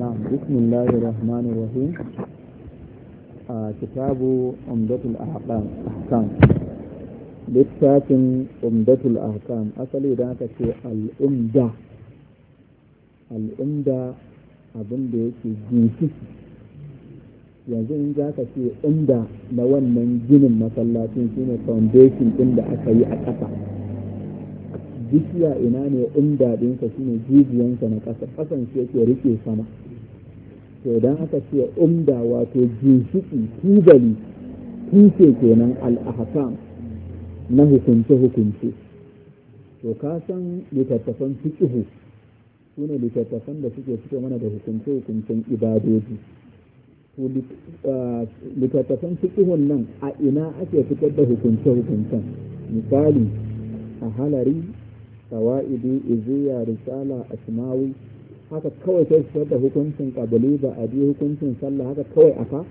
نعم بسم الله الرحمن الرحيم آه كتاب عمدة الأحكام أحكام littafin umdatul ahkam asali da aka ce al'umda al'umda abin da yake ginshiki yanzu in za ka ce umda na wannan ginin masallacin shine foundation ɗin da aka yi a ƙasa bishiya ina ne umda ɗinsa shine jijiyansa na ƙasa ƙasan shi yake rike sama to don aka ce umda wato jinshiki kubali tushe kenan al'ahakam na hukunce-hukunce to ka san littattafan fiƙihu su ne littattafan da suke fito mana da hukunce-hukuncen ibadoji to littattafan nan a ina ake fitar da hukunce-hukuncen misali a halari tawa'idi iziya risala asmawi haka kawai sai su da hukuncin kabali ba a biyu hukuncin sallah haka kawai aka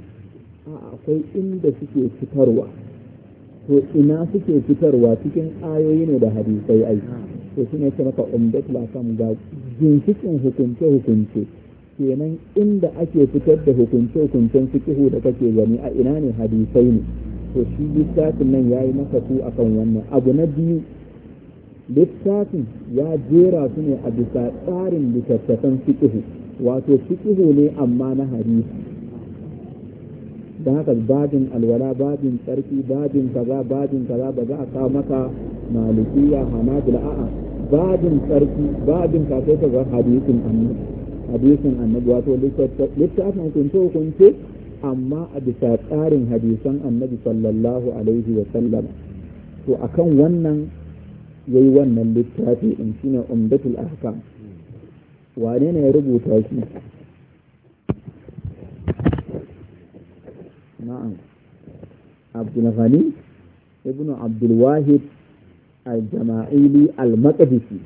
a akwai inda suke fitarwa to ina suke fitarwa cikin ayoyi ne da hadisai ai to shi ce maka umdat kam ga ginshikin hukunce hukunce kenan inda ake fitar da hukunce hukuncen fiqhu da kake gani a ina ne hadisai ne to shi littafin nan yayi maka su akan wannan abu na biyu littafin ya jera su ne a bisa tsarin littattafan fiƙihu wato fiƙihu ne amma na hadisi don haka babin alwala babin tsarki babin kaza babin kaza ba za a kawo maka malikiya hanabila a'a babin tsarki babin kafai ka ga hadisin annabi hadisin annabi wato littafin hukunce hukunce amma a bisa tsarin hadisan annabi sallallahu alaihi wa sallam to akan wannan ya yi wannan littafi in shi ne umdatul ahkam wane ne ya rubuta shi na'am ibnu ibn abdulwahid al-jama'ili al-maqdisi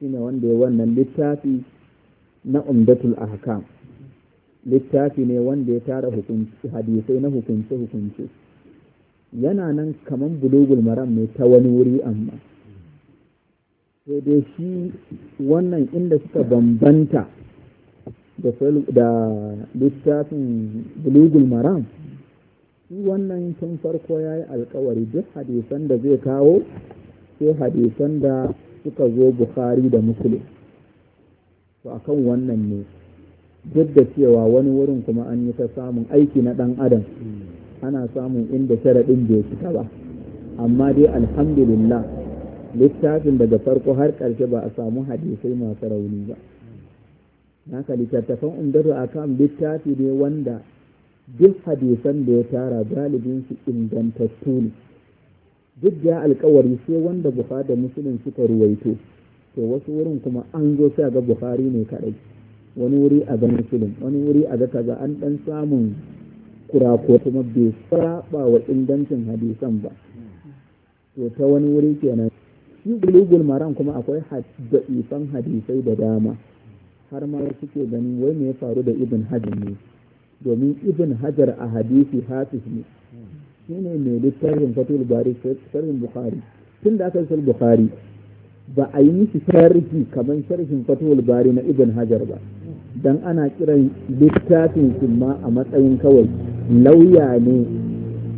shi wanda ya wannan littafi na umdatul ahkam littafi ne wanda ya tara hadisai na hukunce-hukunce yana nan kamar bulogul maram ne ta wani wuri amma sai dai shi wannan inda suka bambanta da littafin bulogul maram shi wannan tun farko ya yi alkawari duk hadisan da zai kawo sai hadisan da suka zo bukhari da muslim to akan wannan ne duk da cewa wani wurin kuma an yi ta samun aiki na ɗan adam ana samun inda sharaɗin bai cika ba amma dai alhamdulillah littafin daga farko har ƙarshe ba a samu hadisai masu rauni ba naka littattafan umdatu kan littafi ne wanda duk hadisan da ya tara galibin su ingantattu ne duk da alkawari sai wanda bukhari da musulun suka ruwaito to wasu wurin kuma an zo sai ga bukhari ne kadai wani wuri a ga musulun wani wuri a ga kaza an dan samun Kura ko kuma bai saba wa ingancin hadisan ba to ta wani wuri kenan shi bulugul maran kuma akwai da'ifan hadisai da dama har ma suke ganin wai me ya faru da ibn hajar ne domin ibn hajar a hadisi hafiz ne shine mai littafin fatul bari sharhin bukhari tun da aka yi bukhari ba a yi miki sharhi kamar sharhin fatul bari na ibn hajar ba dan ana kiran littafin ma a matsayin kawai lauya ne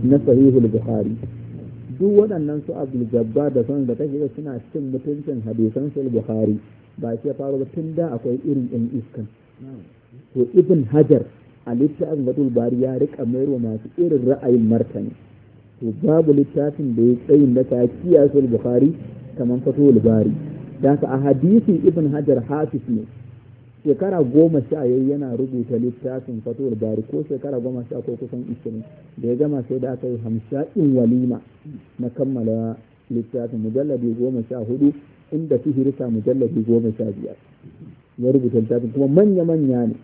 na sahihul bukhari duk waɗannan su abdul da son da ta suna cin mutuncin hadisan sul bukhari ba shi faru ba tun da akwai irin ɗin iskan to ibn hajar a littafin da bari ya rika mayar wa masu irin ra'ayin martani to babu littafin da ya tsayi da ta kiyasul bukhari kamar fatul bari da a hadisi ibn hajar hafiz ne shekara goma sha yayi yana rubuta littafin fatuwar bari ko shekara goma sha ko kusan ishirin da ya gama sai da aka yi hamsha'in walima na kammala littafin mujalladi goma sha hudu inda hirisa mujalladi goma sha biyar ya rubuta littafin kuma manya-manya ne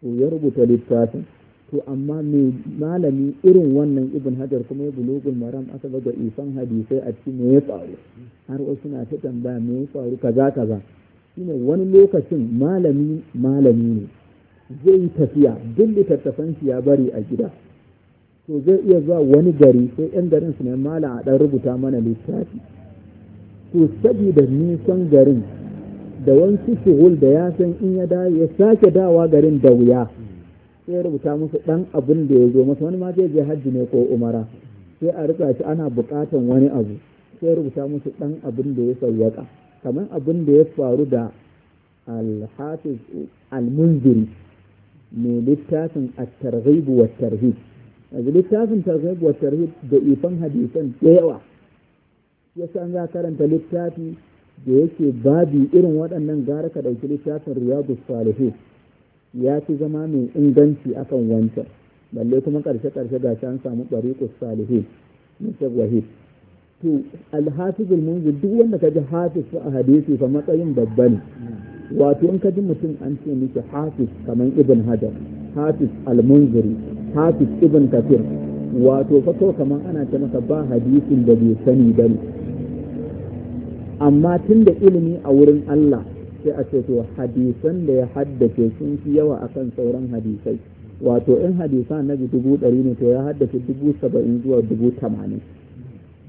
to ya rubuta littafin to amma me malami irin wannan ibn hajar kuma ya bulugul maram aka ga ifan hadisai a cikin me ya faru har wasu na ta tambaya me ya faru kaza kaza shine wani lokacin malami malami ne zai yi tafiya duk littattafan shi ya bari a gida to zai iya zuwa wani gari sai yan garin su ne malama a dan rubuta mana littafi to saboda nisan garin da wani shuhul da ya san in ya dawo ya sake dawa garin da wuya sai rubuta musu dan abin da ya zo masa wani ma zai je hajji ne ko umara sai a rika shi ana bukatan wani abu sai rubuta musu dan abin da ya sauwaka kamar abin da ya faru da alhafiz hafiz mai littafin a targhib wa tarhib A littafin targhib wa tarhib da ifan hadisan da yawa ya san za karanta littafi da yake babi irin waɗannan gara ka ɗauki littafin riyadu salihu ya fi zama mai inganci akan wancan balle kuma ƙarshe-ƙarshe ga an samu ɗariƙus salihu na wahid to alhafizul munzir duk wanda ka ji hafiz a hadisi fa matsayin babba ne wato in ka ji mutum an ce miki hafiz kamar ibn hajar hafiz Almunziri, hafiz ibn kafir wato fa kamar ana ce maka ba hadisin da bai sani ba ne amma tun da ilimi a wurin Allah sai a ce to hadisan da ya haddace sun fi yawa akan sauran hadisai wato in hadisa na dubu ɗari ne to ya haddace dubu saba'in zuwa dubu tamanin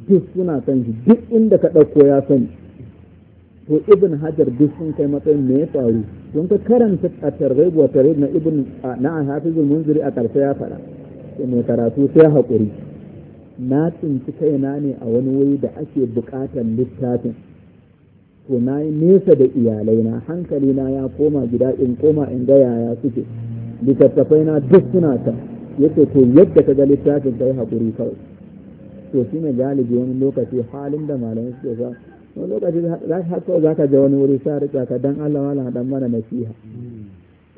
duk suna san shi duk inda ka ɗauko ya sani to ibn hajar duk sun kai matsayin me ya faru don ka karanta a targhib wa tarhib na ibn na hafizul munziri a karshe ya faɗa sai mai karatu sai haƙuri na tsinci kaina ne a wani wuri da ake buƙatar littafin to na yi nesa da hankali na ya koma gida in koma in ga yaya suke littattafai na duk suna ta yadda ka ga littafin kai haƙuri kawai to shi ne galibi wani lokaci halin da malamai suke sa wani lokaci ka kawai za ka je wani wuri sa rika ka dan Allah wala dan mana nasiha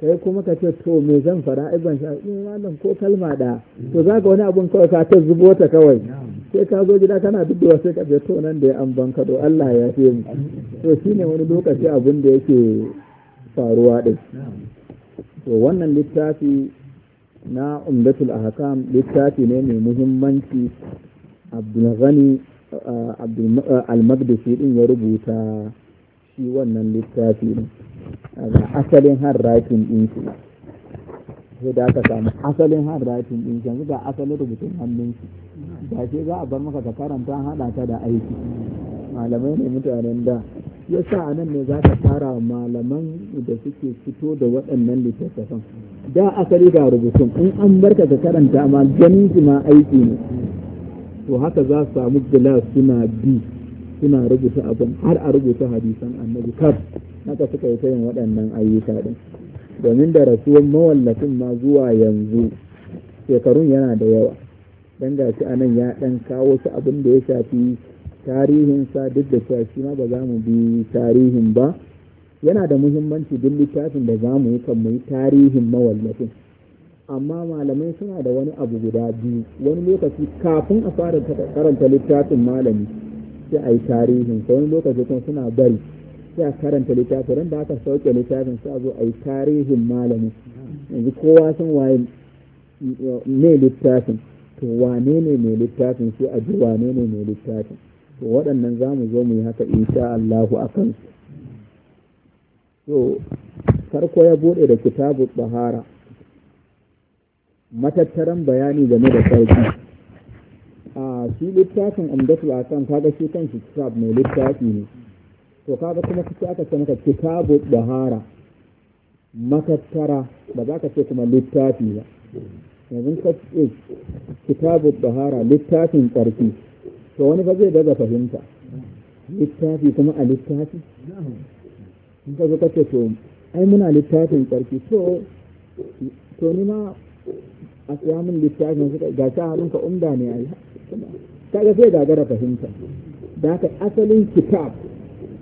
kai kuma ka ce to me zan fara ai ban sha eh, malam ko kalma da to za ka wani abun kawai ka ta zubo ta kawai sai ka zo gida kana dudduwa sai ka ce to nan da ya an banka do Allah ya fi mu to shi ne wani lokaci abun da yake faruwa din to wannan littafi na umdatul ahkam littafi ne mai muhimmanci abdulghani uh, uh, almagdisi din ya rubuta shi wannan littafi din asalin handwriting din shi sai da aka samu asalin rakin din shi yanzu ga asalin rubutun hannun shi da shi za a bar maka ka karanta hada ta da aiki malamai ne mutanen da ya sa a nan ne za ka fara malaman da suke fito da waɗannan littattafan da asali ga rubutun in an barka ka karanta ma ganin ma aiki ne to haka za su samu gilas suna bi suna rubuta abin har a rubuta hadisan annabi kaf haka suka yi yin waɗannan ayyuka ɗin domin da rasuwan mawallafin ma zuwa yanzu shekarun yana da yawa dan gashi a nan ya ɗan kawo su abin da ya shafi tarihinsa duk da cewa shi ma ba za mu bi tarihin ba yana da muhimmanci duk littafin da za mu yi kan mu yi tarihin mawallafin amma malamai suna da wani abu guda biyu wani lokaci kafin a fara karanta littafin malami sai a yi tarihin sai wani lokaci kuma suna bari sai a karanta littafin ran da aka sauke littafin sai a zo a yi tarihin malami yanzu kowa sun waye ne littafin to wane ne mai littafin sai a ji wane ne mai littafin to waɗannan za mu zo mu yi haka insha Allahu a kansu to farko ya bude da kitabu bahara matattaran bayani game da sarki a shi littafin amdatul kan kaga shi shi kitab mai littafi ne to kaga kuma kusa aka ce maka kitabu bahara matattara ba za ka ce kuma littafi ba yanzu ka ce kitabu bahara littafin ƙarfi to wani ba zai daga fahimta littafi kuma a littafi in ka zo ka ce to ai muna littafin ƙarfi to to ni ma a min littafin suka ga ta umda ne a yi ga sai gagara fahimta da haka asalin kitab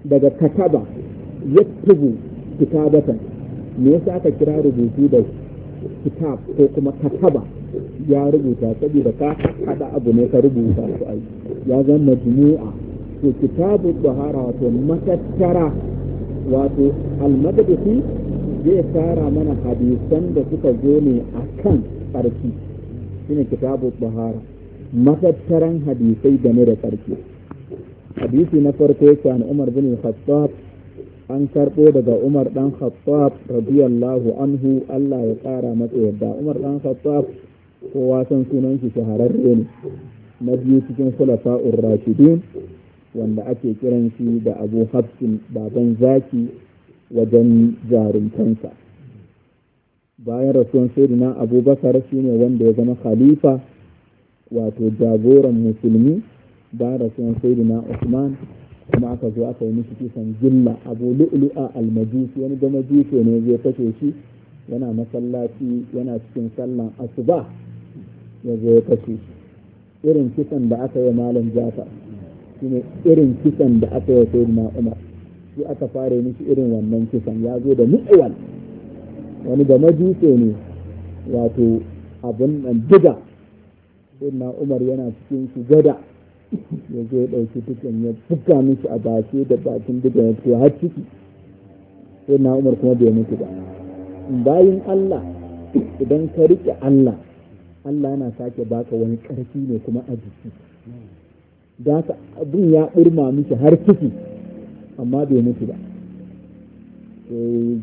daga kataba yaktubu kitabatan me yasa aka kira rubutu da kitab ko kuma kataba ya rubuta saboda ka hada abu ne ka rubuta su ai ya zama majmu'a to kitabu bahara wato matattara wato almadadisi zai tara mana hadisan da suka zo ne kan. tsarki ne kitabu bahara matattaran hadisai game da tsarki hadisi na farko ya an Umar bin Khattab an karɓo daga Umar dan Khattab radiyallahu anhu Allah ya ƙara masa yadda Umar dan Khattab kowa san sunan shi shahararre ne na biyu cikin khulafa'ur rashidun wanda ake kiran shi da Abu Hafsin baban zaki wajen jarumtansa bayan rasuwan sayyidina abubakar shine wanda ya zama khalifa wato jagoran musulmi bayan rasuwan sayyidina usman kuma aka zo aka yi miki kisan gilla abu lu'lu'a almajusi wani da majusi ne zai kashe shi yana masallaci yana cikin sallan asuba ya zo ya kashe irin kisan da aka yi malam jafar shine irin kisan da aka yi sayyidina umar shi aka fara miki irin wannan kisan ya zo da mu'awal wani game dutse ne wato abin nan diga na umar yana cikin su gada ya zo ya ɗauki dukkan ya buga mishi a bashe da bakin diga ya fito har ciki na umar kuma bai mutu ba bayan allah idan ka riƙe allah allah yana sake baka wani ƙarfi ne kuma a jiki da ka abin ya ɓurma mishi har ciki amma bai mutu ba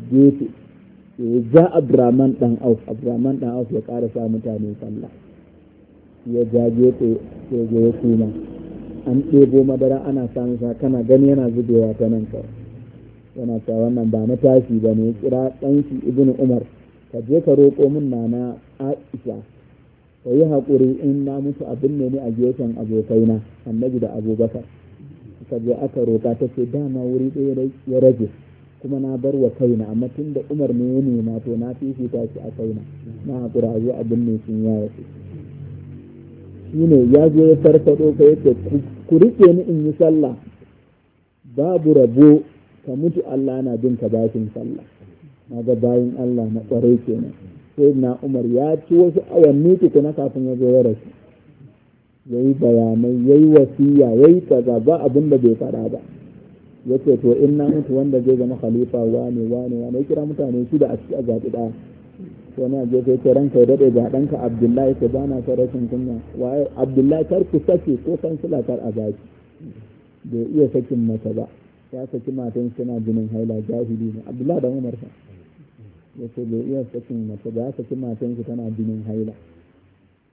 gefe ya ja abdurrahman dan auf abraman dan auf ya kara sa mutane sallah ya jage gefe ya zo ya kuma an ɗebo madara ana samun sa kana gani yana zubewa ta nan kawai yana ta wannan ba na tashi ba ne kira shi ibn umar ka je ka roƙo min nana aisha ka yi haƙuri in na mutu abin ne a gefen abokaina annabi da abubakar ka je aka roƙa ta ce dama wuri ɗaya ya rage kuma na bar wa kaina amma tun da umar ne ya nema to na fifita shi a kaina na haƙura a zuwa abin binne sun ya rasu shi ne ya zo ya farfado ka yake ku riƙe ni in yi sallah babu rabo ka mutu Allah na bin ka bashin sallah na ga bayan Allah na ƙwarai kenan sai na umar ya ci wasu awanni na kafin ya zo ya rasu ya yi bayanai ya yi wasiya ya yi kaza ba abin da bai faɗa ba ya ce to in na mutu wanda zai zama khalifa wane wane wane ya kira mutane shi da a ciki a zaɓi ɗaya to na je kai kiran kai daɗe ga ɗanka abdullahi ko bana na rashin kunya waye abdullahi kar ku sake ko kansila kar a zaki bai iya sakin mata ba ya saki matan suna jinin haila jahili ne abdullahi da umar sa ya ce bai iya sakin mata ba ya saki matan su tana jinin haila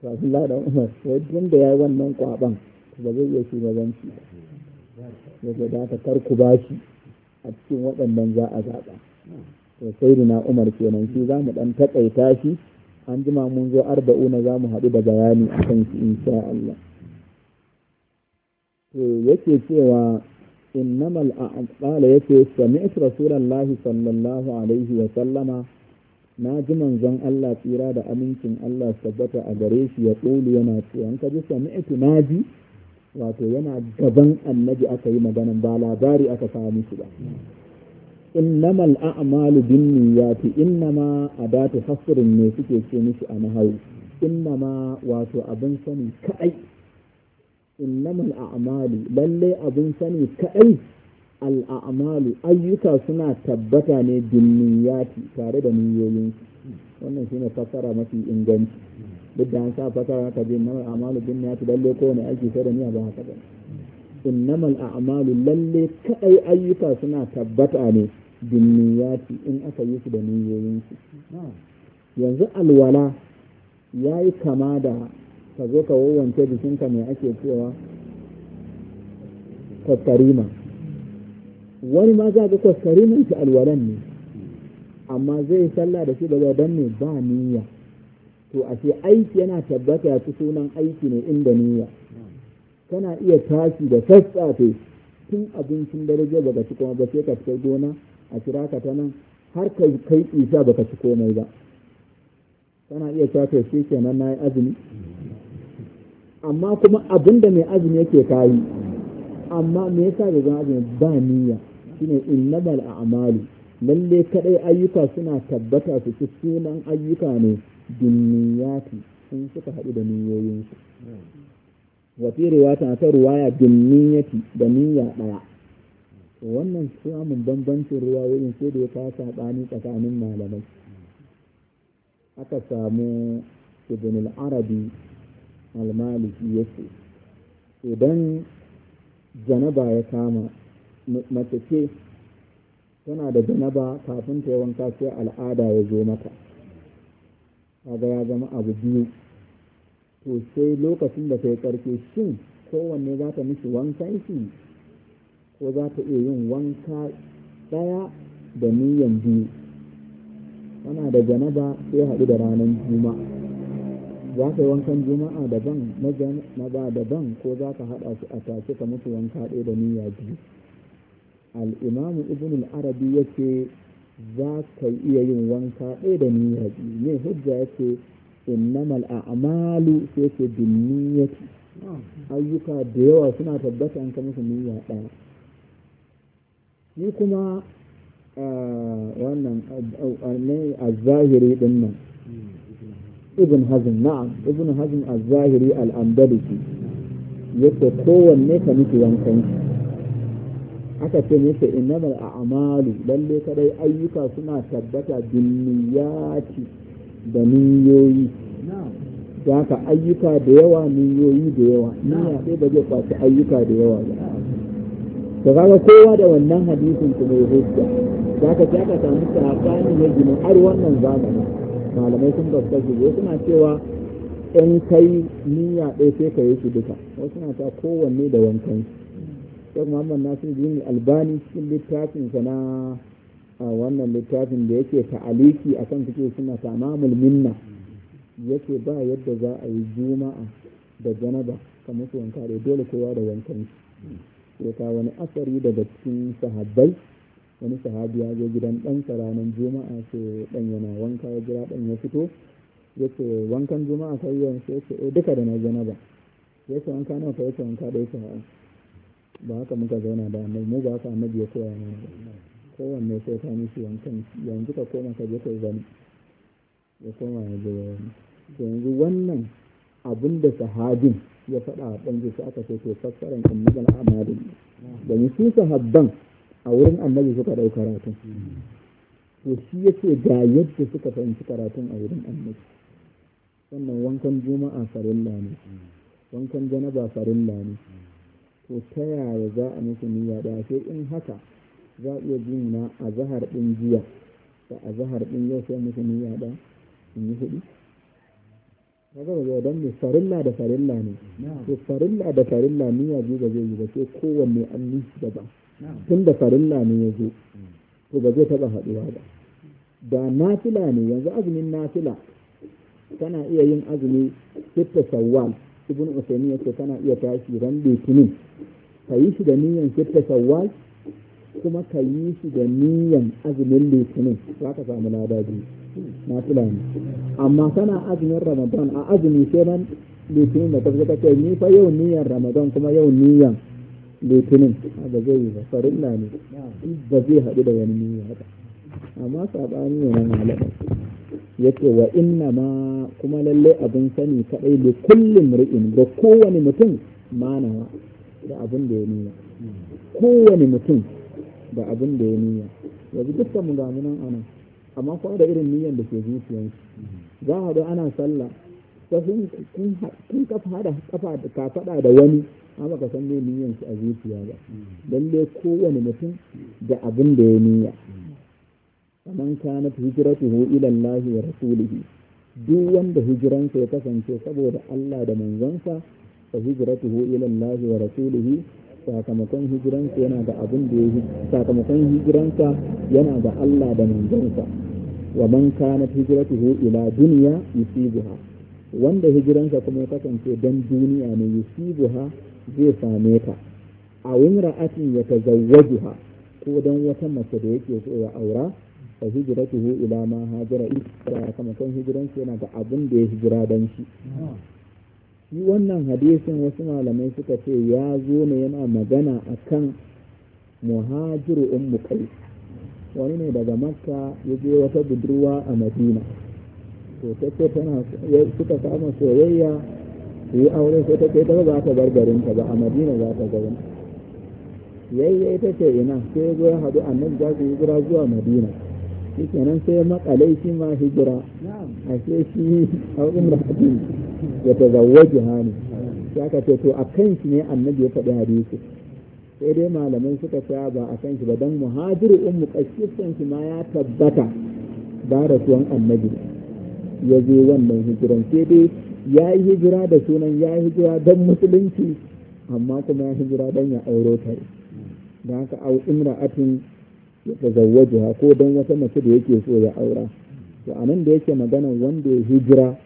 to abdullahi da umar sai tun da ya yi wannan kwaban ba zai iya shugabanci ba wajen da aka karku ba shi a cikin waɗannan za a zaɓa to sai na umar kenan shi za mu ɗan taƙaita shi an jima mun zo arba'una za mu haɗu da bayani a kan shi insha Allah to yake cewa innamal a'qala yake sami'tu rasulullahi sallallahu alaihi wa sallama na ji manzon Allah tsira da amincin Allah tabbata a gare shi ya tsulu yana cewa an ka ji sami'tu na ji wato yana gaban annabi aka yi maganan ba labari aka samu musu ba innamal a'malu binniyati innama adatu hasrin ne suke ce mishi a nahawu innama wato abin sani kadai innamal a'malu lalle abin sani kai al a'malu ayyuka suna tabbata ne niyyati tare da niyoyinsu wannan shine fassara mafi inganci duk da an sa fassara ka je nama amalu bin ya lalle kowane aiki sai da niyya ba haka ba innamal a'malu lalle kadai ayyuka suna tabbata ne bin niyyati in aka yi su da niyyoyin su yanzu alwala yayi kama da ka zo ka wawance ka mai ake cewa kwaskarima wani ma za ka kwaskariman shi alwalan ne amma zai sallah da shi ba zai dan ne ba niyya to a ce aiki yana tabbata ya sunan aiki ne inda niyya kana iya tashi da sassafe tun abincin daraja baka ci kuma ba sai ka fita gona a kira ka ta nan har ka kai isa baka ci komai ba kana iya tashi shi kenan na yi azumi amma kuma abin da mai azumi yake kayi amma me yasa da zan azumi ba niyya shine innamal a'malu lalle kaɗai ayyuka suna tabbata su ci sunan ayyuka ne dunniyati sun suka haɗu da niyoyinsu wafi riwata ta ruwaya dunniyati da niyya ɗaya wannan samun bambancin ruwayoyin sai da ya kawo saɓani tsakanin malamai aka samu ibn al-arabi al-maliki yace idan janaba ya kama mace ce tana da janaba kafin ta yi wanka sai al'ada ya zo mata kaga ya zama abu biyu to sai lokacin da ta yi karfe shin kowanne za ta mishi wankan shi ko za ta iya yin wanka ɗaya da niyan biyu tana da janaba sai haɗu da ranar juma'a za ka yi wankan juma'a daban na ba daban ko za ka haɗa su a tashe ka mutu wanka ɗaya da niyya biyu al'imamu ibn arabi ya ce za ka iya yin wanka ɗaya da niyyar biyu ne hujja ya ce innamal a'malu sai ce bin niyyati ayyuka da yawa suna tabbata an kama su niyya ɗaya ni kuma wannan a zahiri din nan ibn hazm na'am ibn hazin a zahiri al yake yadda kowanne ka miki wankan shi aka ce musu innamal a'malu lalle kadai ayyuka suna tabbata binniyati da niyoyi da haka ayyuka da yawa niyoyi da yawa niyya sai ba zai kwaci ayyuka da yawa ba to kaga kowa da wannan hadisin kuma ya hujja da haka sai aka samu sabani ya gina har wannan zamani malamai sun gaskashi suna cewa in kai niyya ɗaya sai ka yi su duka wasu na ta kowanne da wankan Sheikh Muhammad Nasir Dini Albani cikin littafin sa na wannan littafin da yake ta'aliki akan suke suna tamamul minna yake ba yadda za a yi juma'a da janaba ka musu wanka da dole kowa da wankan shi ka wani asari daga cikin sahabbai wani sahabi ya je gidan ɗansa ranar juma'a ce ɗan yana wanka ya jira ɗan ya fito ya ce wankan juma'a kai yawan sai ya ce eh, duka da na janaba ya ce wanka nawa ka ya ce wanka da ya ce ba haka muka zauna da annabi mu ba haka annabi ya koya mana ba kowanne sai ka mishi yankan, yanzu ka koma ka je ka zama ya koma ya je yanzu wannan abin da sahabin ya faɗa a ɓangare su aka ce to fassaran annabal amalin domin su sahabban a wurin annabi suka ɗau karatun to shi ya ce ga yadda suka fahimci karatun a wurin annabi sannan wankan juma'a farilla ne wankan janaba farilla ne to ta yaya za a musu niyya da sai in haka za a iya jin na a zahar ɗin jiya da a zahar ɗin yau sai musu niyya da in yi hudu kaga ba zai dan ne farilla da farilla ne to farilla da farilla niyya biyu ba zai yi ba sai kowanne an yi ba tun da farilla ne ya zo to ba zai taɓa haɗuwa ba da nafila ne yanzu azumin nafila tana iya yin azumi sitta sawwal ibn usaimi yace kana iya tashi ran litinin ka yi shi da niyan sirta shawwal kuma ka yi shi da niyan azumin litinin za ka samu lada biyu na fulani amma kana azumin ramadan a azumi sai ran litinin da kafin kace ni fa yau niyan ramadan kuma yau niyan litinin ba zai yi ba farilla ne ba zai haɗu da wani niyan haka amma saɓani ne na malamai ya ce wa inna ma kuma lallai abin sani kaɗai da kullum ri'in ga kowane mutum manawa da abin da ya nuna kowane mutum da abin da ya nuna yanzu dukkan mu gamu nan ana amma kuma da irin niyan da ke zuciyansu za a ga ana sallah sai kun kafa da kafa da faɗa da wani amma ka san me niyyar su a zuciya ba lalle kowane mutum da abin da ya niyya faman kanat hijratuhu ila Allah wa rasulihi duk wanda hijiransa ya kasance saboda Allah da manzonsa fa hijratuhu ila Allah wa rasulihi sakamakon hijiransa yana ga abin da yake sakamakon hijiransa yana da Allah da manzonsa wa man kanat hijratuhu ila dunya yusibuha wanda hijiransa kuma ya kasance dan duniya ne yusibuha zai same ta a ya yatazawwajuha ko dan wata mace da yake so ya aura fa hijratuhu ila ma hajara ila kama kan hijran shi yana da abun da ya hijira dan shi shi wannan hadisin wasu malamai suka ce ya zo ne yana magana akan muhajiru ummu kai. wani ne daga makka ya je wata budurwa a madina to ta ce tana suka kama soyayya su yi aure sai ta ce ta ba ta bar garinta ba a madina za ta garin yayyai ita ce ina sai ya zo ya haɗu annabi za su yi zuwa madina shi nan sai maƙale shi ma hijira a ce shi a umratin ya ta tazawwaji hani ya ka ce to a kan shi ne annabi ya faɗi hadisi sai dai malamai suka sa ba a kan shi ba don muhajiru mu kashifan shi ma ya tabbata ba da rasuwan annabi ya je wannan hijiran sai dai ya yi hijira da sunan ya yi hijira don musulunci amma kuma ya hijira don ya auro ta da haka au imra'atin ya ko dan wata mace da yake so ya aura to anan da yake magana wanda ya hijira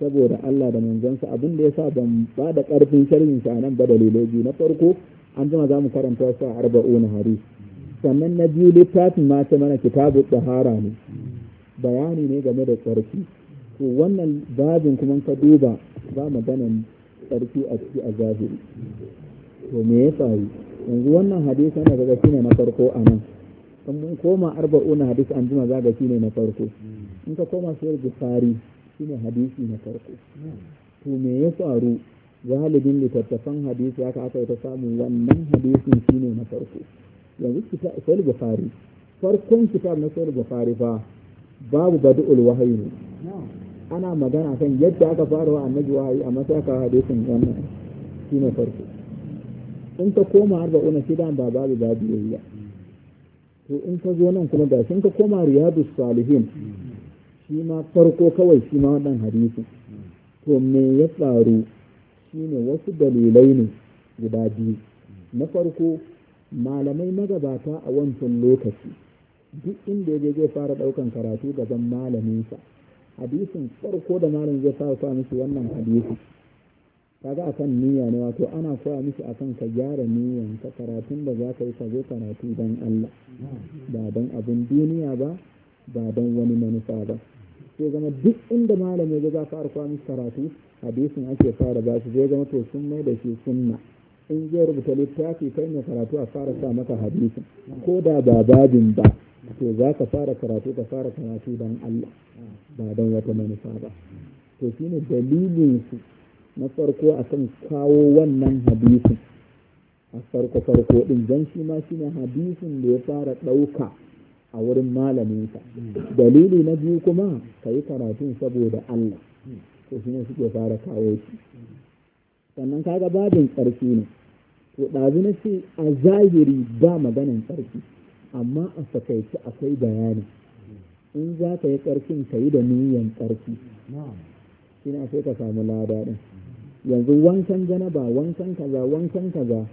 saboda Allah da manzansa abin da yasa ban ba da karfin sharhin sa anan ba dalilai biyu na farko an zama za mu karanta su a arba'una hari sannan na biyu littafin ma ta mana kitabu tahara ne bayani ne game da tsarki to wannan babin kuma ka duba ba maganan tsarki a ciki a zahiri to me ya faru yanzu wannan hadisi na daga shine na farko a nan in mun koma arba'una hadisi an jima zaga ne na farko hmm. in ka koma sayar bukhari ne hadisi na farko to me ya faru galibin littattafan hadisi haka aka yi ta samu wannan hadisin ne na farko yanzu kita sayar bukhari farkon kitab na sayar bukhari fa babu badu'ul wahayi ne ana magana kan yadda aka fara wa annabi wahayi a sai aka hadisin wannan ne farko in ka koma arba'una shi ba babu babu yayya to in ka zo nan kuma gashin ka koma riyadu salihin shi ma farko kawai shi ma wannan hadisi to me ya shi shine wasu dalilai ne guda biyu na farko malamai magabata a wancan lokaci duk inda ya je zai fara ɗaukan karatu gaban malaminsa hadisin farko da malam zai fara sa musu wannan hadisi kaga akan niyya ne wato ana koya miki akan ka gyara niyyan ka karatun da za ka yi ka zo karatu don Allah ba don abin duniya ba ba don wani manufa ba sai zama duk inda malamai ya za fara koya miki karatu hadisin ake fara ba su zai zama to sun mai da shi sunna in zai rubuta littafi kai mai karatu a fara sa maka hadisin ko da ba babin ba to za ka fara karatu ka fara karatu don Allah ba don wata manufa ba to shine dalilin su na farko akan kawo wannan hadisin a farko farko ɗin dan shi ma shine hadisin da ya fara ɗauka a wurin malaminsa dalili na biyu kuma ka yi karatun saboda Allah ko ne su suke fara kawo shi sannan kaga babin ƙarfi ne to ɗazu na ce a zahiri ba maganin ƙarfi, amma a sakaici akwai bayani in za ka yi ƙarfin ka yi da niyyan ƙarfi. shi ne sai ka samu lada ɗin yanzu wankan janaba wankan kaza wankan kaza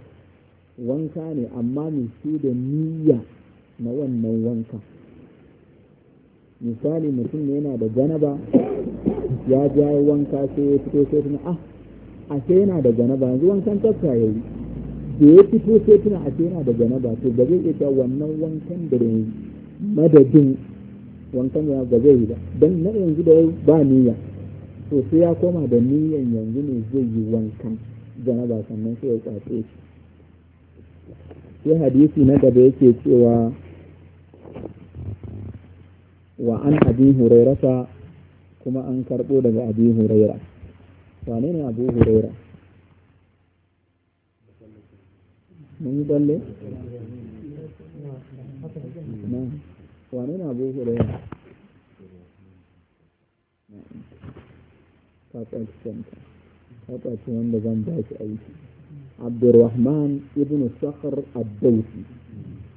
wanka ne amma mai shi da niyya na wannan wanka misali mutum ne yana da janaba ya ja wanka sai ya fito sai tuna ah ashe yana da janaba yanzu wankan tafka ya yi da ya fito sai tuna ashe yana da janaba to ba zai iya wannan wankan da madadin wankan da ba zai yi ba don na yanzu da ba niyya to sai ya koma da niyan yanzu ne zai yi wankan janaba sannan sai ya tsafe shi sai hadisi na gaba yake cewa wa an abi hurairata kuma an karɓo daga abi huraira wane ne abu huraira mun yi dalle? wane ne abu huraira ka wanda zan ba aiki abdurrahman ibn sakhar ad-dawsi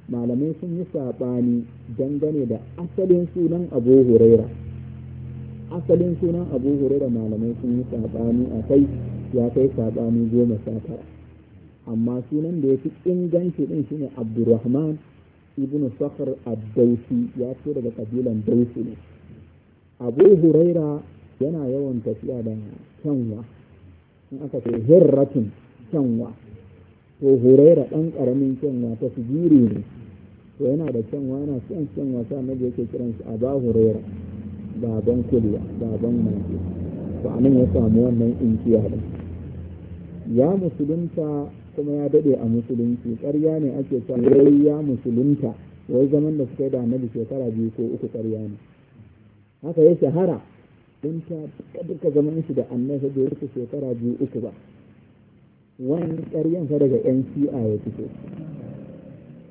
malamai sun yi saɓani dangane da asalin sunan abu huraira asalin sunan abu huraira malamai sun yi saɓani a kai ya kai saɓani goma sha tara amma sunan da ya fi inganci ɗin ne abdurrahman ibn sakhar ad-dawsi ya fi daga kabilan dausi ne abu huraira yana yawan tafiya da kyanwa in aka ce hirratun kyanwa to huraira ɗan ƙaramin kyanwa ta sujiri ne to yana da kyanwa yana son kyanwa sa na yake kiran shi ba huraira baban kulwa baban mace to anan ya samu wannan inkiya ɗin ya musulunta kuma ya daɗe a musulunci ƙarya ne ake sa wai ya musulunta wai zaman da suka yi da annabi shekara biyu ko uku ƙarya ne haka ya shahara in ta duka zaman shi da annabi bai wuce shekara biyu uku ba wani ƙaryan fa daga yan shi'a ya fito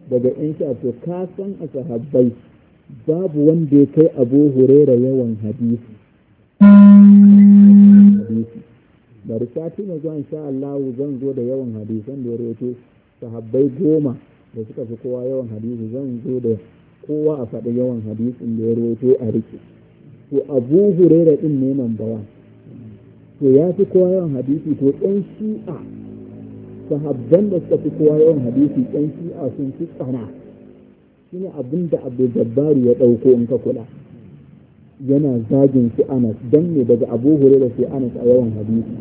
daga yan shi'a to ka san a sahabbai babu wanda ya kai abu hurera yawan hadisi bari sati na zuwa insha Allah zan zo da yawan hadisan da ya sahabbai goma da suka fi kowa yawan hadisi zan zo da kowa a faɗi yawan hadisin da ya rawaito a rike to abu huraira din ne bawa to ya fi kowa yawan hadisi to ɗan shi'a sahabban da suka fi kowa yawan hadisi ɗan shi'a sun fi tsana shi ne abin da abu jabbaru ya ɗauko in ka kula yana zagin su anas don ne daga abu huraira sai anas a yawan hadisi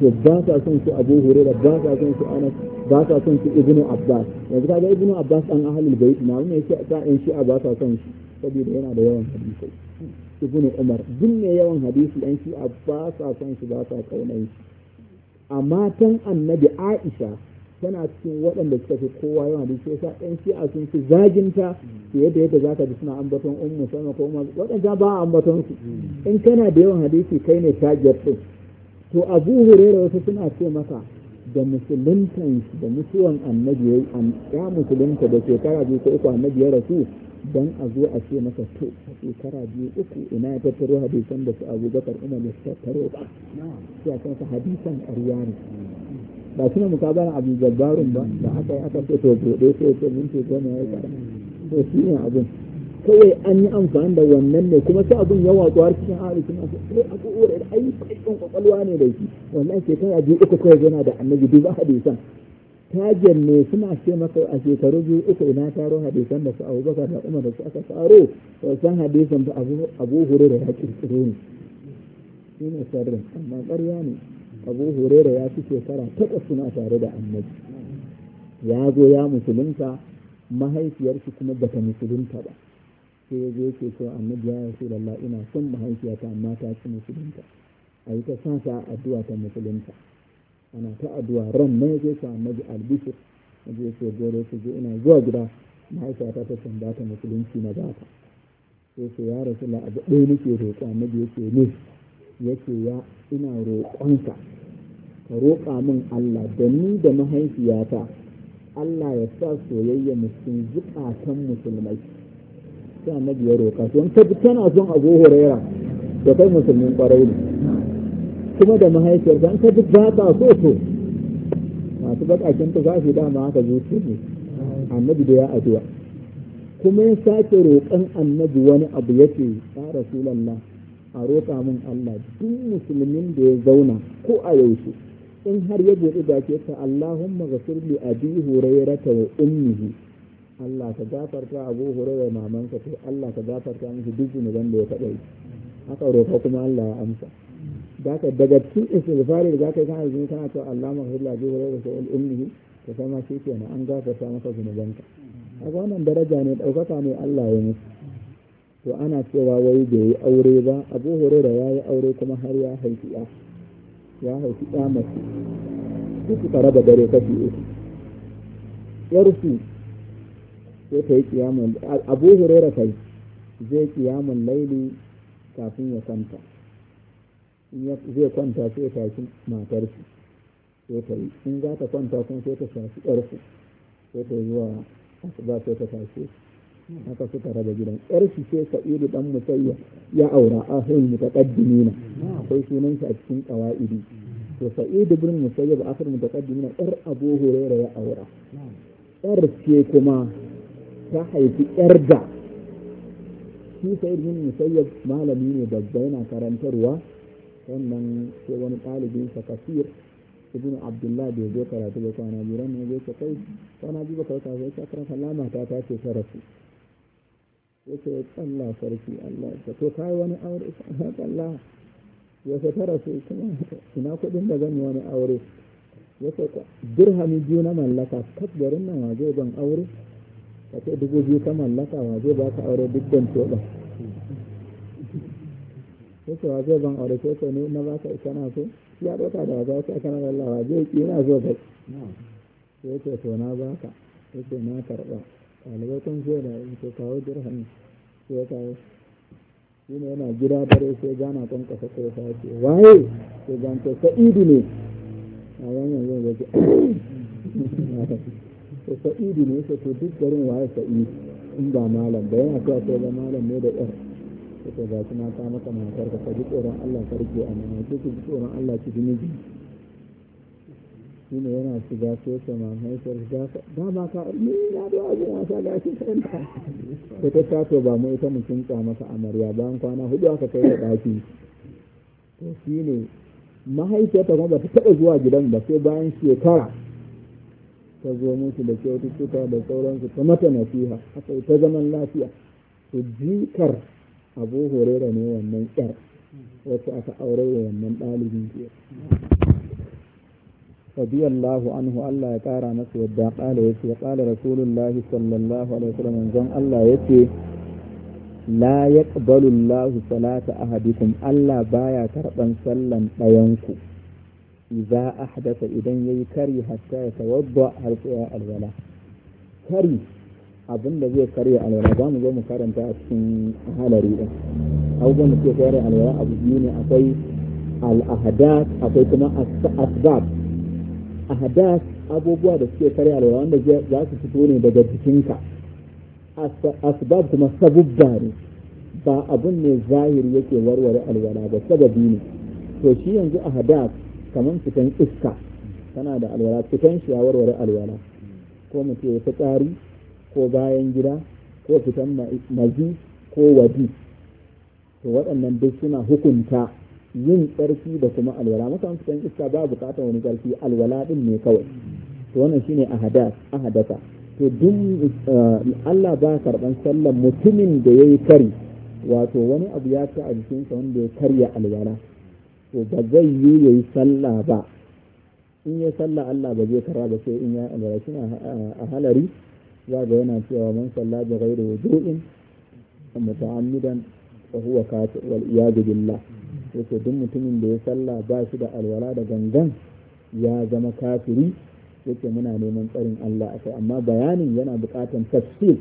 to ba sa son su abu huraira ba sa son su anas ba sa son su ibnu abbas yanzu kaga ibnu abbas an ahlul bai na wani yake sa ɗan shi'a ba sa son shi saboda yana da yawan hadisai ibn umar duk mai yawan hadisi yan shi a ba sa son shi ba sa kaunar shi a matan annabi aisha tana cikin waɗanda suka fi kowa yawan hadisi yasa yan shi'a sun fi zaginta fiye da yadda zaka ji suna ambaton ummu sama ko umma waɗanda ba a ambaton su in kana da yawan hadisi kai ne target din to abu hurairah wasu suna ce maka da musulunta da mutuwan annabi ya musulunta da shekara biyu ko uku annabi ya rasu don a zo a ce masa to a shekara biyu uku ina ya tattaro hadisan da su abubakar umar ya tattaro ba sai a kansa hadisan ƙarya ne ba suna mukabara abu jabbarun ba da aka yi aka ce to bude sai ce mun ce goma ya yi to shi ne abin kawai an yi amfani da wannan ne kuma sai abin yawa zuwa cikin arziki masu sai a ko da ayyukan kwakwalwa ne da shi wannan shekara biyu uku kawai yana da annabi duba hadisan tajen ne suna ce maka a shekaru biyu uku ina taro hadisan da su abubakar da umar da su aka taro san hadisan da abu hurera ya kirkiro ne shi ne sarrin amma ƙarya ne abu hurera ya fi shekara takwas suna tare da annabi ya zo ya musulunta mahaifiyarsu kuma bata musulunta ba sai ya zo ke cewa annabi ya rasu ina son mahaifiyata amma ta ci musulunta a yi ta sa addu'a ta musulunta ana ta addu'a ran ne ya sa annabi albishir ya ce gore su je ina zuwa gida mahaifiyata ta sanda ta musulunci na bata sai ce ya rasu la abu ɗaya nake roƙo annabi ya ce ne ya ce ya ina roƙonka ka roƙa min Allah da ni da mahaifiyata Allah ya sa soyayya musulun zukatan musulmai sai annabi ya roƙa su wani ka tana son abu horaira da kai musulmin ƙwarai ne kuma da mahaifiyar in ka ji ba ta so so masu bakakin zafi dama haka zuci ne annabi da ya addu'a kuma ya sake roƙon annabi wani abu ya ce ya rasulallah a roƙa min Allah duk musulmin da ya zauna ko a yaushe in har ya buɗe ke ta Allahumma ghafir li abi hurairata wa ummihi Allah ka gafarta abu hurairar mamansa to Allah ka gafarta mishi duk zunuban da ya taɓa yi haka roƙa kuma Allah ya amsa da daga cikin istighfari da zaka yi kana zuwa kana cewa Allah ma la bi hurayra ta al ummi ta ma shi kenan an sa maka zunubanka kaga wannan daraja ne daukaka ne Allah ya musu to ana cewa wai bai yi aure ba Abu Hurairah yayi aure kuma har ya haifi ya ya haifi ya mace duk suka raba dare kashi uku yarsu sai ta yi kiyamun Abu Hurairah kai zai kiyamun laili kafin ya kanta. zai kwanta sai shafi matar shi sai ta yi in za ta kwanta kuma sai ta shafi ƙarfi sai ta yi wa asuba sai ta shafi haka suka raba gidan ƙarfi sai sa'idu dan musayya ya aura a ahun na akwai sunan shi a cikin ƙawa'idi to sa'idu bin musayyab akhir na ƴar abu hurairah ya aura yar ce kuma ta haifi ƴar da shi sa'idu bin musayyab malami ne babba yana karantarwa wannan sai wani ɗalibin sa kafir ibn abdullah bai zo karatu ba kwana biyu ran ne zai kai kwana biyu ba karatu ba sai karan sallama ta ta ce sarafi sai ce Allah sarki Allah ya to kai wani aure sai tsalla ya sa sarafu kuma ina kudin da zan yi wani aure ya ce dirhami biyu na mallaka kaf garin nan wa zai ban aure ka ce dubu biyu ka mallaka wa zai baka aure duk to toba yace wa zai ban aure ko ne na baka ita na so ya dauka da waza sai kana Allah wa zai ki na so kai yace to na baka yace na karba ɗalibai kun zo da in ko kawo dirhami sai ya kawo shi ne yana gida bare sai gana kan kasa ko sa ce waye sai gan ganto sa'idu ne a wannan zai zai to sa'idu ne sai to duk garin waye sa'idu in ba malam ba yana so a ce malam ne da ƙar yake ga kuma ta maka matar ka ji tsoron Allah ka rike amana ko ki tsoron Allah ki miji shine yana shiga sai ta mai ta riga da ba ka ni na da aji na sa gashi shi ko ta tato ba mu ita kin ta maka amarya bayan kwana hudu aka kai da daki to shine mahaifiyarta kuma ba ta taɓa zuwa gidan ba sai bayan shekara ta zo musu da kyaututtuka da sauransu ta mata nasiha aka ta zaman lafiya to jikar abu horera ne wannan yar wacce aka aure wa wannan ɗalibin ke radiyallahu anhu Allah ya ƙara masa yadda ƙala ya ce ƙala rasulullahi sallallahu alaihi wasallam manzon Allah ya ce la yaqbalu Allahu salata ahadikum Allah baya karɓan sallan ɗayanku idza ahdatha idan yayi kari hatta ya tawadda har sai alwala kari abin da zai karya alwala za mu zo mu karanta a cikin halari din abubuwan da ke karya alwala abu biyu ne akwai al'ahadat akwai kuma asbab ahadat abubuwa da suke karya alwala wanda za su fito ne daga jikinka asbab kuma sabubba ne ba abun ne zahiri yake warware alwala ba sababi ne to shi yanzu ahadat kamar fitan iska tana da alwala fitan shi ya warware alwala ko mu ce fitsari ko bayan gida ko fitan mazi ko wadi to waɗannan duk suna hukunta yin ƙarfi da kuma alwala an fitan iska ba bukatar wani ƙarfi alwala ɗin ne kawai to wannan shine a hadasa to duk eh, Allah ba karban sallan mutumin da ya yi kari wato wani abu ya ta a jikinsa wanda ya karya alwala to ba zai yi ya yi sallah ba in ya sallah Allah ba zai karra ba sai in ya alwala shi a halari za ga yana cewa man salla da ghairu wudu'in muta'ammidan fa huwa kafir wal iyad billah yace duk mutumin da ya salla ba shi da alwala da gangan ya zama kafiri yace muna neman tsarin Allah akai amma bayanin yana buƙatan tafsir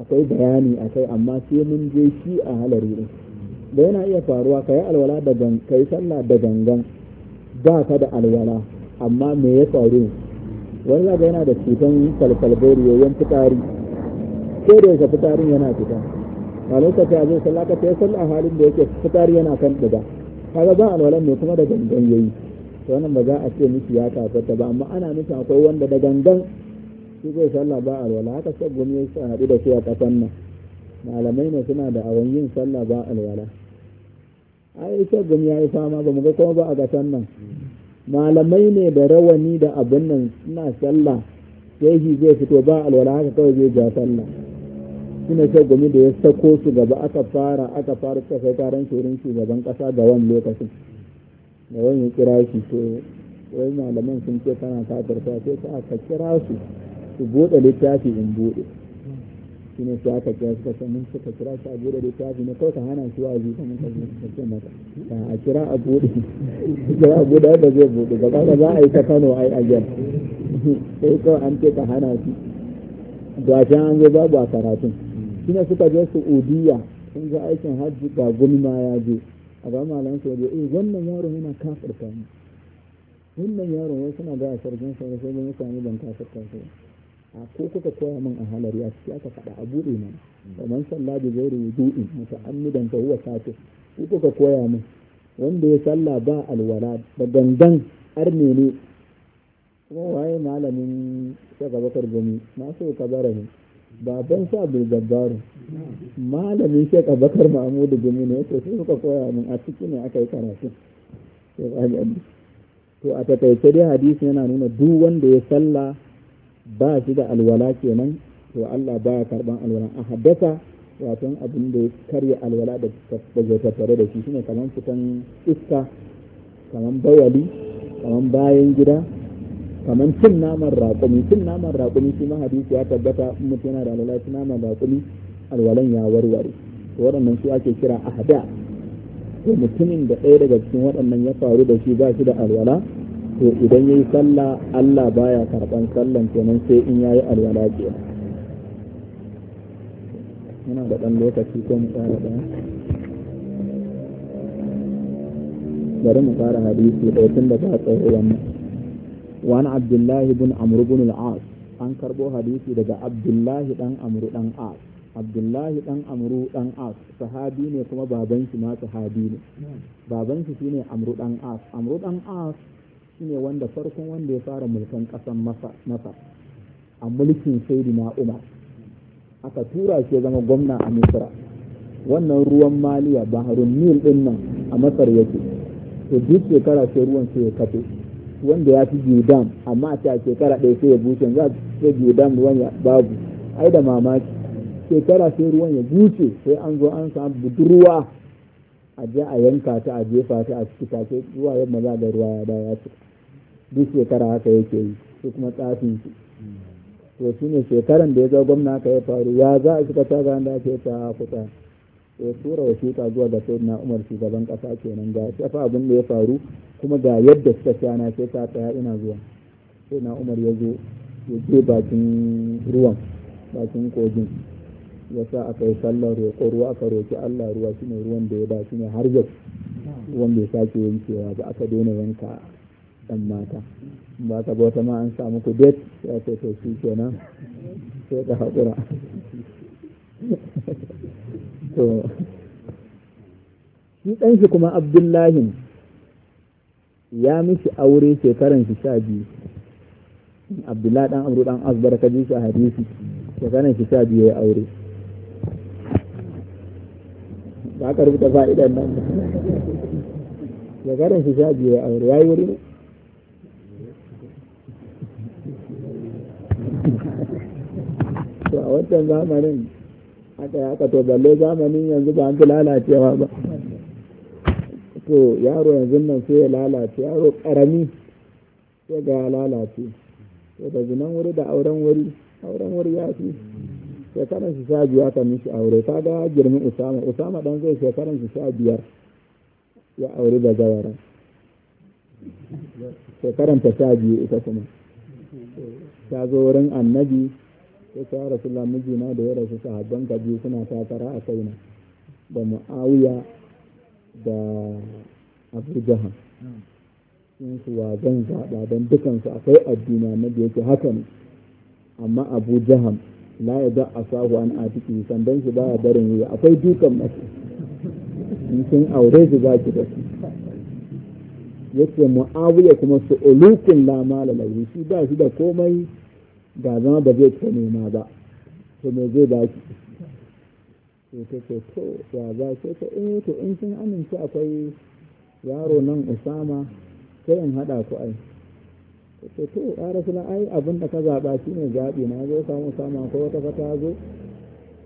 akwai bayani akai amma sai mun je shi a halari din da yana iya faruwa ka yi alwala da gangan kai sallah da gangan ba ka da alwala amma me ya faru wani zaga yana da cutan kalkalbori yoyon fitari ko da yake fitarin yana fita a lokacin a zai sallah ta sai sallah halin da yake fitari yana kan ɗiga kaga ba alwalan ne kuma da gangan yayi to wannan ba za a ce miki ya kafarta ba amma ana nufin akwai wanda da gangan shi zai sallah ba alwala haka sai gumi ya haɗu da shi a ƙasan nan malamai ne suna da awon yin sallah ba alwala ai sai gumi ya yi fama ba mu ga kuma ba a ƙasan nan malamai ne da rawani da abin nan suna sallah sai shi zai fito ba alwala haka kawai zai ja sallah suna ce gumi da ya sako su gaba aka fara aka fara suka kai karan shirin shugaban kasa ga wani lokacin da wani ya kira shi to wai malaman sun ce kana kafirta sai ka kira su su buɗe littafi in buɗe shi ne suka aka kira suka ce mun suka kira shi a bude tafi ne kawai ka hana shi wa zuwa mun kaje ka ce mata a kira a bude kira a bude da zai bude ba ka za a yi ta Kano ai a jan sai kawai an ce ka hana shi ga shi an zo babu a karatun shi ne suka je udiya sun ga aikin hajji ga gulma ya je a ga malan Saudiya eh wannan yaron yana kafirta ne wannan yaron wai suna ga a sarkin sa sai mun ban kafirta sai ko kuka koya min a halar a ciki aka faɗa a buɗe mana da man salla bi ghairi wudu'in muta'ammidan ta huwa kafir ko kuka koya min wanda ya salla ba alwala da gangan arme ne kuma waye malamin saka bakar gumi na so ka bara ne baban sa bil jabbaru malamin saka bakar mahmudu gumi ne to sai suka koya min a ciki ne aka yi karatu to a takaice dai hadisi yana nuna duk wanda ya salla ba shi da alwala kenan to Allah baya karban alwala a haddasa wato abin da ya karya alwala da ya tattare da shi shine kamar fitan iska kamar bayali kamar bayan gida kamar cin naman raƙumi cin naman raƙumi shi ma hadisi ya tabbata mutum yana da alwala cin naman raƙumi alwalan ya warware to waɗannan su ake kira ahada to mutumin da ɗaya daga cikin waɗannan ya faru da shi ba shi da alwala to idan yayi sallah Allah baya karban sallan kenan sai in yayi alwala kenan muna da ɗan lokaci ko mu fara ɗaya bari mu fara hadisi ɗaya tun da ba tsaye wannan wani abdullahi bin amru bin al'as an karɓo hadisi daga abdullahi dan amru dan as abdullahi dan amru dan as sahabi ne kuma baban shi ma sahabi ne baban shi shine amru dan as amru dan as ne wanda farkon wanda ya fara mulkan ƙasan masa a mulkin na umar aka tura shi zama gwamna a Misira. wannan ruwan maliya baharun nil din nan a masar yake to duk shekara sai ruwan sai ya kafe wanda ya fi judam amma a shekara ɗaya sai ya buce za a judam ruwan ya babu ai da mamaki shekara sai ruwan ya buce sai an zo an samu budurwa a je a yanka ta a jefa ta a ciki take zuwa yamma za da ruwa ya dawo ya duk shekara haka yake yi su kuma tsafin su to shi ne shekaran da ya zo gwamna haka ya faru ya za a shiga taga da ake ta kuta to tura wasiƙa zuwa ga na umar shugaban ƙasa kenan ga shafa abin da ya faru kuma ga yadda suka sha na sai ta tsaya ina zuwa na umar ya zo ya je bakin ruwan bakin kogin ya sa aka yi sallar roƙo ruwa aka roƙi Allah ruwa shine ruwan da ya ba ne har yau ruwan bai sake yankewa ba aka daina yanka ɗan mata ba ka bauta ma an samu ku det ya ce to shi kenan sai ka haƙura to shi ɗan shi kuma Abdullahi ya mishi aure shekaran shi sha biyu abdullahi ɗan amru ɗan asbar ka ji shi a hadisi shekaran shi sha biyu ya aure ba ka rubuta fa'idan nan shekaran shi sha biyu ya aure ya yi wuri ne to a wancan zamanin aka yi aka to balle zamanin yanzu ba an fi lalacewa ba to yaro yanzu nan sai ya lalace yaro karami sai ga ya lalace to da zinan wuri da auren wuri auren wuri ya fi shekaran shi sha biyar ka mishi aure ta ga girmi usama usama dan zai shekaran shi sha biyar ya aure da zawara shekaran ta sha biyu ita kuma ta zo wurin annabi sai yara rasulullah mijina da yara su sahabban ka biyu suna takara a kaina da mu'awiya da abu jahan sun suwa zan zaɓa don dukansu akwai addini na da yake haka ne amma abu jahan la ya za a sahu an atiki sandan shi baya barin yi akwai dukan masu. in sun aure su za ki da su yake mu'awiya kuma su Olukin la mala ba shi da komai ga zama ba zai ta nema ba to me zai ba ki to ta ce to ya za ke ta eh to in kin amince akwai yaro nan Usama sai in haɗa ku ai to to ya rasu ai abin da ka zaɓa shine zaɓi na zo samu Usama ko wata fata zo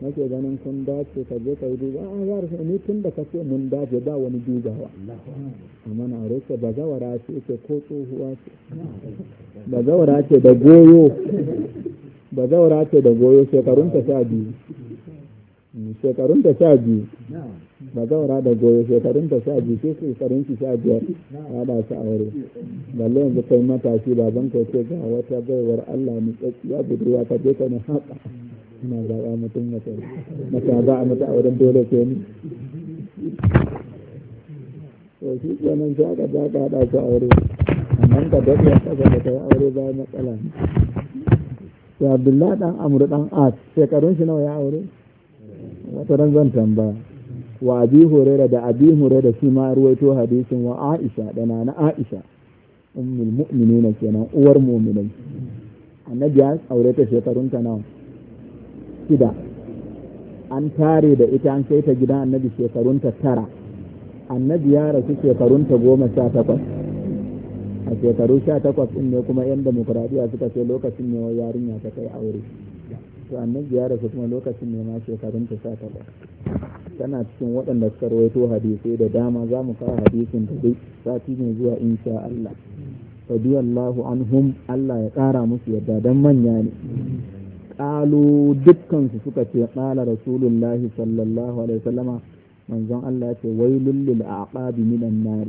nake ganin kun dace ka je ka yi duba a ah, ya rasu ni tun da ka ce mun dace ba wani dubawa amma na roƙe ba zawara ce ke ko tsohuwa ce ba zawara ce da goyo ba zawara ce da goyo shekarun ta sha biyu mm, shekarun ta sha biyu ba zawara da goyo shekarun ta sha biyu ke shekarun ki sha biyar ya da su aure balle yanzu kai matashi zan kai ce ga wata baiwar Allah mu tsakiya budurwa ka je ka ni haka ina zaɓa mutum na mace za a mata auren dole ke ni to shi kenan sai aka za ka haɗa su aure amma ka daɗe a ƙasa da kai aure ba matsala ne to abdullahi ɗan amru ɗan as shekarun shi nawa ya aure wata ran zan tambaya wa abi hurairah da abi hurairah shi ma ruwaito hadisin wa aisha da na aisha ummul mu'minina kenan uwar mu'minai annabi ya aure ta shekarun ta nawa shida an tare da ita an kai ta gidan annabi shekarunta tara annabi ya rasu shekarunta goma sha takwas a shekaru sha takwas ɗin ne kuma yan demokuraɗiyya suka ce lokacin ne yarinya ta kai aure to annabi ya rasu kuma lokacin ne ma shekarunta sha takwas tana cikin waɗanda suka rawaito hadisai da dama za mu kawo hadisin da duk sati ne zuwa insha Allah radiyallahu anhum Allah ya ƙara musu yadda dan manya ne kalu dukkan su suka ce qala rasulullahi sallallahu alaihi wasallama manzon Allah ce wailul lil aqabi minan nar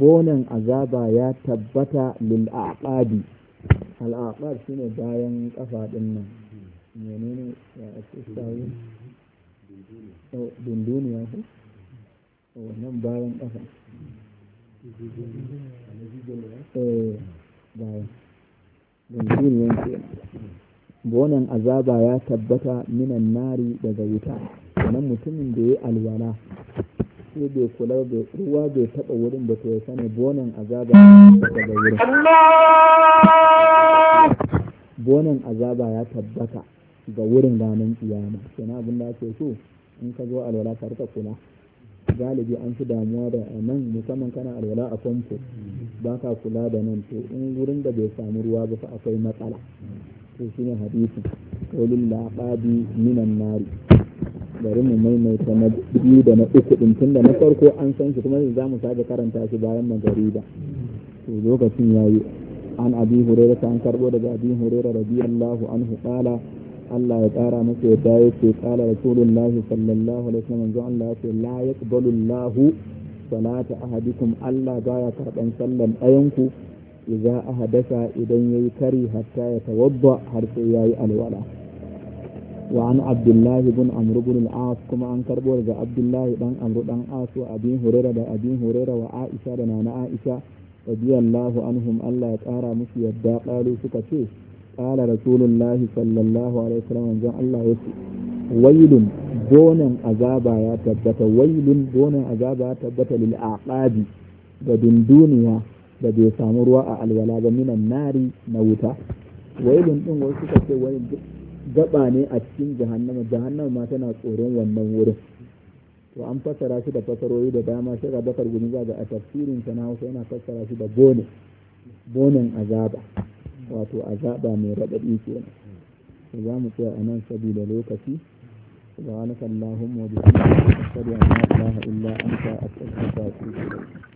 bonan azaba ya tabbata lil aqabi al aqab shine bayan kafa din nan menene ya ake sai sauri dunduniya ko wannan bayan kafa eh bayan dunduniya bonan azaba ya tabbata minan nari daga wuta sannan mutumin da ya alwala sai bai kula da ruwa bai taba wurin da to ya sani bonan azaba daga wurin bonan azaba ya tabbata ga wurin ranar kiyama kenan abin da ake so in ka zo alwala ka rika kula galibi an fi damuwa da nan musamman kana alwala a famfo ba ka kula da nan to in wurin da bai samu ruwa ba fa akwai matsala to shi ne hadisi kolin laɓabi minan nari bari mu maimaita na biyu da na uku ɗin tun da na farko an san shi kuma za mu sake karanta shi bayan magariba to lokacin ya yi an abi hurera an karɓo daga abi hurera radiyallahu anhu hukala Allah ya tsara masa yadda ya ce ƙala rasulullahi sallallahu alaihi wasallam manzo Allah ya ce la yaqbalu Allahu salata ahadikum Allah ya karɓan sallan ɗayanku ku idza ahdasa idan yayi kari hatta ya tawadda har sai yayi alwala wa an abdullahi bin amr bin al-as kuma an karbo daga abdullahi dan amr dan as wa abin hurairah da abin hurairah wa aisha da nana aisha radiyallahu anhum Allah ya kara musu yadda qalu suka ce qala rasulullahi sallallahu alaihi wasallam manzon Allah yace wailun bonan azaba ya tabbata wailun bonan azaba ya tabbata lil aqabi ga dunduniya da bai samu ruwa a alwala ba minan nari na wuta wailun ɗin wasu suka ce wai gaba ne a cikin jahannama jahannama ma tana tsoron wannan wurin to an fassara shi da fasarori da dama shi ga bakar gudun zaga a tafsirin sa na Hausa yana fassara shi da bone bonen azaba wato azaba mai raɗaɗi kenan za mu tsaya a nan saboda lokaci سبحانك اللهم وبحمدك أشهد أن لا إله إلا أنت أستغفرك وأتوب إليك